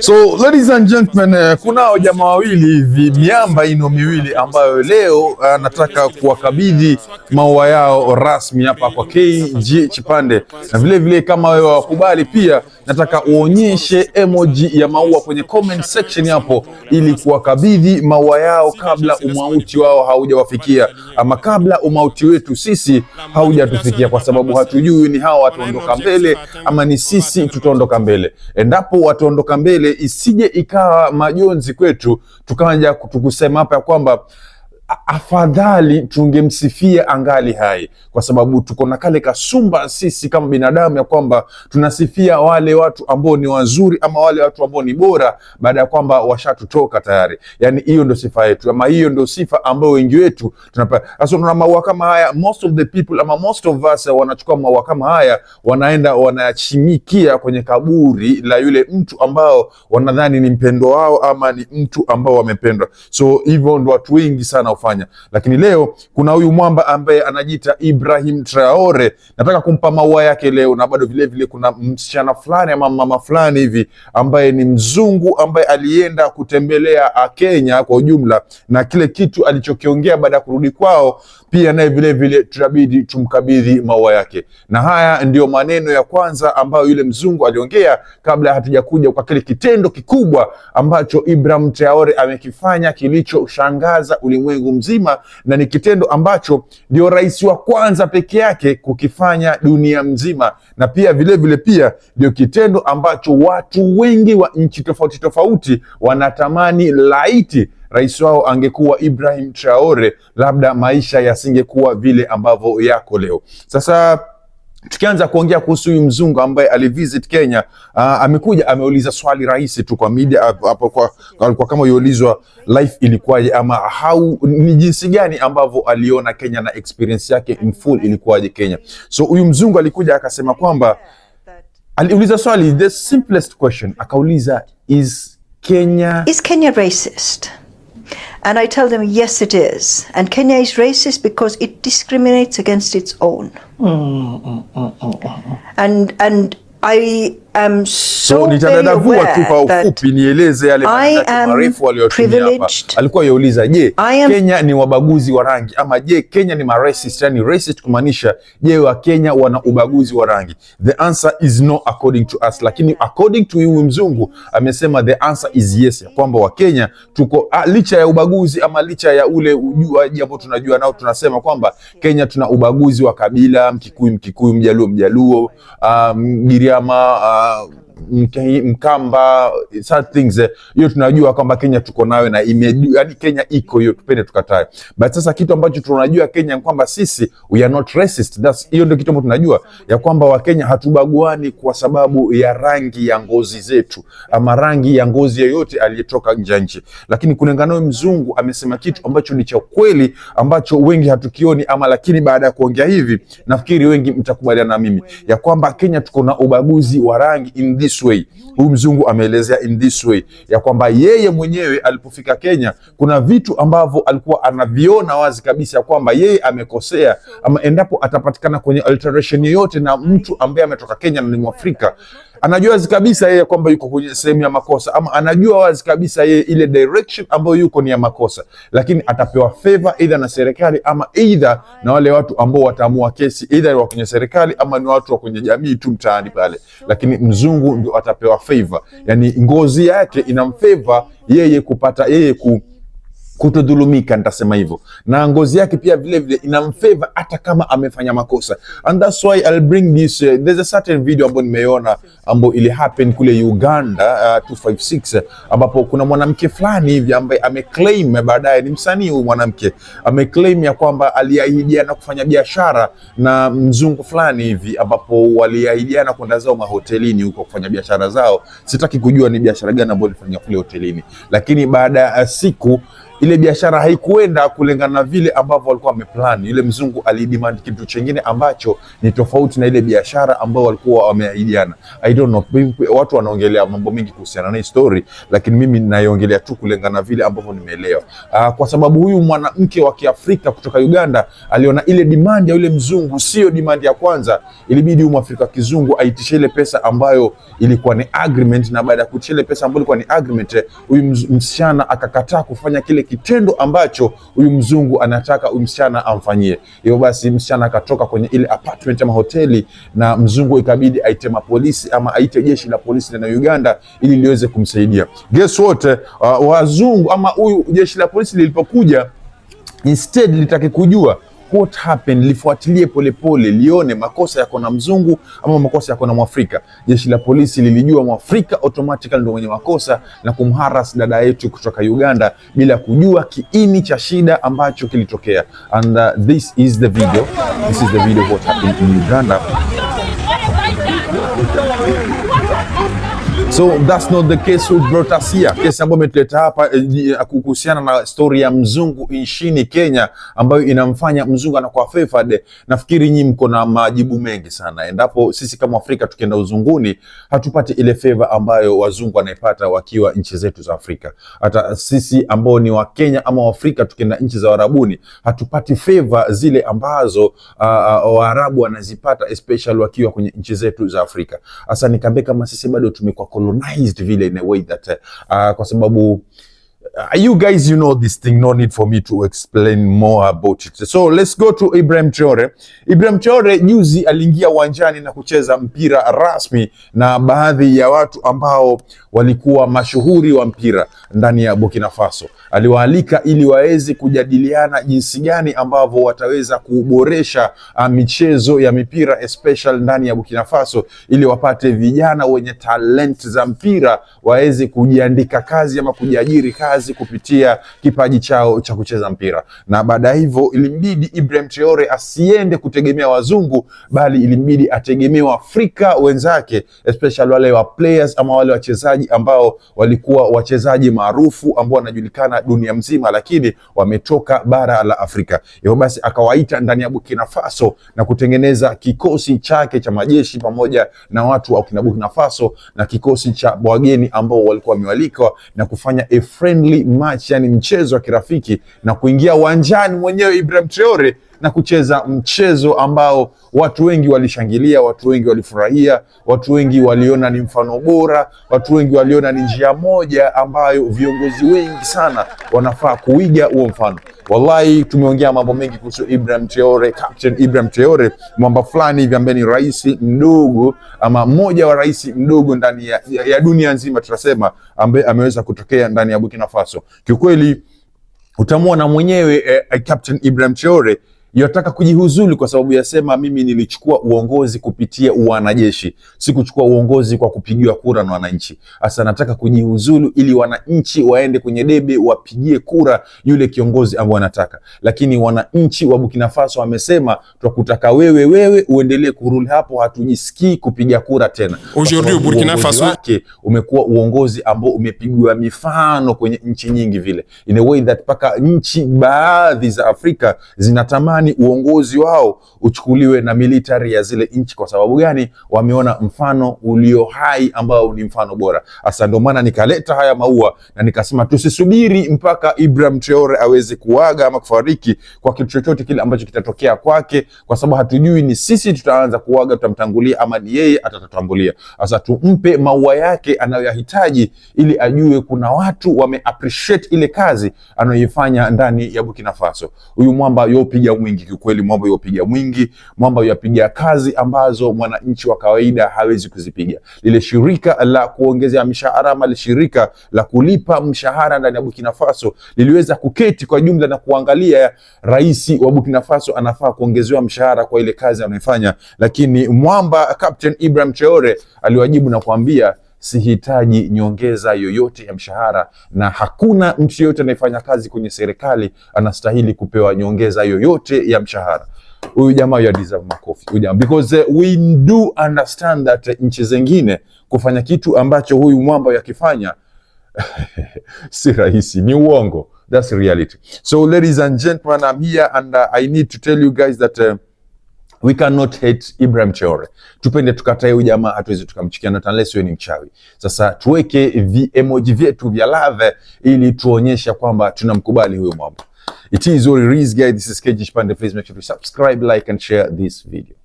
So ladies and gentlemen, uh, kunao jamaa wawili hivi miamba ino miwili ambayo leo uh, nataka kuwakabidhi maua yao rasmi hapa kwa KG Chipande, na vilevile vile kama wewe wakubali pia nataka uonyeshe emoji ya maua kwenye comment section hapo, ili kuwakabidhi maua yao kabla umauti wao haujawafikia, ama kabla umauti wetu sisi haujatufikia, kwa sababu hatujui ni hawa wataondoka mbele ama ni sisi tutaondoka mbele. Endapo wataondoka mbele, isije ikawa majonzi kwetu tukaja tukusema hapa ya kwamba afadhali tungemsifia angali hai, kwa sababu tuko na kale kasumba sisi kama binadamu ya kwamba tunasifia wale watu ambao ni wazuri ama wale watu ambao ni bora baada ya kwamba washatutoka tayari. Yani hiyo ndio sifa yetu, ama hiyo ndio sifa ambayo wengi wetu tunapata. Sasa tuna maua kama haya, most of the people ama most of us wanachukua maua kama haya, wanaenda wanayachimikia kwenye kaburi la yule mtu ambao wanadhani ni mpendwa wao ama ni mtu ambao wamependwa. So hivyo ndo watu wengi sana wanaofanya. Lakini leo kuna huyu mwamba ambaye anajiita Ibrahim Traore, nataka kumpa maua yake leo, na bado vilevile vile kuna msichana fulani ama mama fulani hivi ambaye ni mzungu ambaye alienda kutembelea ah, Kenya kwa ujumla na kile kitu alichokiongea baada ya kurudi kwao pia naye vilevile tunabidi tumkabidhi maua yake. Na haya ndiyo maneno ya kwanza ambayo yule mzungu aliongea kabla hatujakuja kwa kile kitendo kikubwa ambacho Ibrahim Traore amekifanya kilichoshangaza ulimwengu mzima, na ni kitendo ambacho ndio rais wa kwanza peke yake kukifanya dunia mzima, na pia vilevile vile pia ndio kitendo ambacho watu wengi wa nchi tofauti tofauti wanatamani laiti rais wao angekuwa Ibrahim Traore, labda maisha yasingekuwa vile ambavyo yako leo. Sasa tukianza kuongea kuhusu huyu mzungu ambaye alivisit Kenya, uh, amekuja ameuliza swali rahisi tu kwa media ah, hapo, kwa, kwa kama uliulizwa life ilikuwaje ama how ni jinsi gani ambavyo aliona Kenya na experience yake in full ilikuwaje Kenya. So huyu mzungu alikuja akasema kwamba aliuliza swali the simplest question, akauliza is Kenya is Kenya racist? And I tell them, yes, it is. And Kenya is racist because it discriminates against its own. Mm, mm, mm, and and I So, nitadadavua tu kwa ufupi nieleze yale marefu hapa. Alikuwa yauliza, je, Kenya ni wabaguzi wa rangi ama je, Kenya ni maracist? Yani racist kumaanisha je, wa Kenya wana ubaguzi wa rangi? The answer is no according to us, lakini according to huyu mzungu amesema the answer is yes, ya kwamba wa Kenya tuko a, ah, licha ya ubaguzi ama licha ya ule ujua tunajua nao tunasema kwamba Kenya tuna ubaguzi wa kabila, Mkikuyu Mkikuyu, Mjaluo Mjaluo, ah, Mgiriama um, uh, Mkamba things eh, hiyo, tunajua kwamba Kenya tuko nayo na yaani Kenya iko hiyo, tupende tukatae. But sasa kitu ambacho tunajua Kenya kwamba sisi we are not racist, that's hiyo ndio kitu ambacho tunajua ya kwamba Wakenya hatubaguani kwa sababu ya rangi ya ngozi zetu ama rangi ya ngozi yoyote aliyetoka nje ya nchi, lakini kulingana mzungu amesema kitu ambacho ni cha kweli ambacho wengi hatukioni ama, lakini baada ya kuongea hivi nafikiri wengi mtakubaliana na mimi ya kwamba Kenya tuko na ubaguzi wa rangi in this way, huyu mzungu ameelezea in this way, ya kwamba yeye mwenyewe alipofika Kenya kuna vitu ambavyo alikuwa anaviona wazi kabisa ya kwamba yeye amekosea, ama endapo atapatikana kwenye alteration yoyote na mtu ambaye ametoka Kenya na ni Mwafrika anajua wazi kabisa yeye kwamba yuko kwenye sehemu ya makosa, ama anajua wazi kabisa yeye ile direction ambayo yuko ni ya makosa, lakini atapewa favor either na serikali ama either na wale watu ambao wataamua kesi, either wa kwenye serikali ama ni watu wa kwenye jamii tu mtaani pale. Lakini mzungu ndio atapewa favor, yani ngozi yake inamfavor yeye kupata yeye kupata kutodhulumika, nitasema hivyo, na ngozi yake pia vile vile inamfavor hata kama amefanya makosa, and that's why I'll bring this uh, there's a certain video ambayo nimeona ambayo ili happen kule Uganda uh, 256 ambapo kuna mwanamke fulani hivi ambaye ameclaim baadaye, ni msanii huyu mwanamke, ameclaim ya kwamba aliahidiana kufanya biashara na mzungu fulani hivi, ambapo waliahidiana kwenda zao mahotelini huko kufanya biashara zao. Sitaki kujua ni biashara gani ambayo alifanya kule hotelini, lakini baada ya siku ile biashara haikuenda kulingana na vile ambavyo walikuwa wameplan. Yule mzungu alidemand kitu chingine ambacho ni tofauti na ile biashara ambayo walikuwa wameahidiana. I don't know, watu wanaongelea mambo mengi kuhusiana na hii story, lakini mimi naiongelea tu kulingana na vile ambavyo nimeelewa, ah, kwa sababu huyu mwanamke wa Kiafrika kutoka Uganda aliona ile demand ya yule mzungu sio demand ya kwanza, ilibidi huyu Mwafrika kizungu aitishe ile pesa ambayo ilikuwa ni agreement, na baada ya kuitisha ile pesa ambayo ilikuwa ni agreement, huyu msichana akakataa kufanya kile kitendo ambacho huyu mzungu anataka huyu msichana amfanyie. Hivyo basi msichana akatoka kwenye ile apartment ama hoteli, na mzungu ikabidi aite mapolisi ama aite jeshi la polisi la Uganda ili liweze kumsaidia. Guess what? Uh, wazungu ama huyu jeshi la polisi lilipokuja instead litaki kujua what happened, lifuatilie polepole, lione makosa yako na mzungu ama makosa yako na Mwafrika. Jeshi la polisi lilijua Mwafrika automatically ndio mwenye makosa na kumharas dada yetu kutoka Uganda bila kujua kiini cha shida ambacho kilitokea. And uh, this is the video, this is the video what happened in Uganda. So that's not the case who brought us here. Kesi ambayo imetuleta hapa eh, eh, kuhusiana na story ya mzungu nchini Kenya ambayo inamfanya mzungu anakuwa favored. Nafikiri nyinyi mko na majibu mengi sana, endapo sisi kama Afrika tukienda uzunguni hatupati ile favor ambayo wazungu wanaipata wakiwa nchi zetu za Afrika. Hata sisi ambao ni Wakenya ama Waafrika tukienda nchi za Warabuni hatupati favor zile ambazo uh, Waarabu wanazipata especially wakiwa kwenye nchi zetu za Afrika. Hasa nikambe kama sisi bado tumekuwa colonized vile in a way that uh, kwa sababu Uh, you guys, you know this thing. No need for me to explain more about it. So let's go to Ibrahim Traore. Ibrahim Traore juzi aliingia uwanjani na kucheza mpira rasmi na baadhi ya watu ambao walikuwa mashuhuri wa mpira ndani ya Burkina Faso. Aliwaalika ili waweze kujadiliana jinsi gani ambavyo wataweza kuboresha uh, michezo ya mipira especially ndani ya Burkina Faso ili wapate vijana wenye talent za mpira waweze kujiandika kazi ama kujiajiri kazi kazi kupitia kipaji chao cha kucheza mpira, na baada ya hivyo ilimbidi Ibrahim Traore asiende kutegemea wazungu, bali ilimbidi ategemee Waafrika wenzake, especially wale wa players ama wale wachezaji ambao walikuwa wachezaji maarufu ambao wanajulikana dunia mzima, lakini wametoka bara la Afrika. Hivyo basi akawaita ndani ya Burkina Faso na kutengeneza kikosi chake cha majeshi pamoja na watu wa Burkina Faso na kikosi cha wageni ambao walikuwa wamewalikwa na kufanya a friendly friendly match, yani mchezo wa kirafiki na kuingia uwanjani mwenyewe Ibrahim Traore na kucheza mchezo ambao watu wengi walishangilia, watu wengi walifurahia, watu wengi waliona ni mfano bora, watu wengi waliona ni njia moja ambayo viongozi wengi sana wanafaa kuiga huo mfano. Wallahi, tumeongea mambo mengi kuhusu Ibrahim Traore, Captain Ibrahim Traore, mwamba fulani hivi ambaye ni rais mdogo ama mmoja wa rais mdogo ndani ya, ya dunia nzima tunasema, ambaye ameweza kutokea ndani ya Burkina Faso. Kiukweli utamwona mwenyewe eh, eh Captain Ibrahim Traore yataka kujihuzulu kwa sababu yasema, mimi nilichukua uongozi kupitia wanajeshi, sikuchukua uongozi kwa kupigiwa kura na wananchi. Sasa nataka kujihuzulu ili wananchi waende kwenye debe wapigie kura yule kiongozi ambao wanataka. Lakini wananchi wa Burkina Faso wamesema, twakutaka wewe wewe uendelee kuruli hapo, hatujisikii kupiga kura tena. Burkina Faso wake umekuwa uongozi ambao umepigiwa mifano kwenye nchi nyingi vile, in a way that mpaka nchi baadhi za Afrika zinatamani gani uongozi wao uchukuliwe na military ya zile nchi. Kwa sababu gani? Wameona mfano ulio hai ambao ni mfano bora. Hasa ndio maana nikaleta haya maua na nikasema tusisubiri mpaka Ibrahim Traore aweze kuaga ama kufariki kwa kitu chochote kile ambacho kitatokea kwake, kwa sababu hatujui ni sisi tutaanza kuaga, tutamtangulia ama ni yeye atatutangulia. Sasa tumpe maua yake anayoyahitaji ili ajue kuna watu wame appreciate ile kazi anayoifanya ndani ya Burkina Faso. Huyu mwamba yopiga mwingi. Kiukweli, mwamba yuwapiga mwingi, mwamba yuwapiga kazi ambazo mwananchi wa kawaida hawezi kuzipiga. Lile shirika la kuongezea mishahara ama shirika la kulipa mshahara ndani ya Burkina Faso liliweza kuketi kwa jumla na kuangalia rais wa Burkina Faso anafaa kuongezewa mshahara kwa ile kazi anayofanya, lakini mwamba Captain Ibrahim Cheore aliwajibu na kuambia sihitaji nyongeza yoyote ya mshahara, na hakuna mtu yoyote anayefanya kazi kwenye serikali anastahili kupewa nyongeza yoyote ya mshahara. Huyu jamaa ya deserve makofi huyu jamaa, because eh, we do understand that eh, nchi zingine kufanya kitu ambacho huyu mwamba yakifanya si rahisi, ni uongo. That's reality. So ladies and gentlemen, I'm here and uh, I need to tell you guys that uh, We cannot hate Ibrahim Traore. Tupende tukatae huyu jamaa, hatuwezi tukamchukia not unless yeye ni mchawi. Sasa tuweke vi emoji vyetu vya love ili tuonyesha kwamba tunamkubali huyo mwamba. It is all guys. This is KG Shipande. Please make sure to subscribe, like and share this video.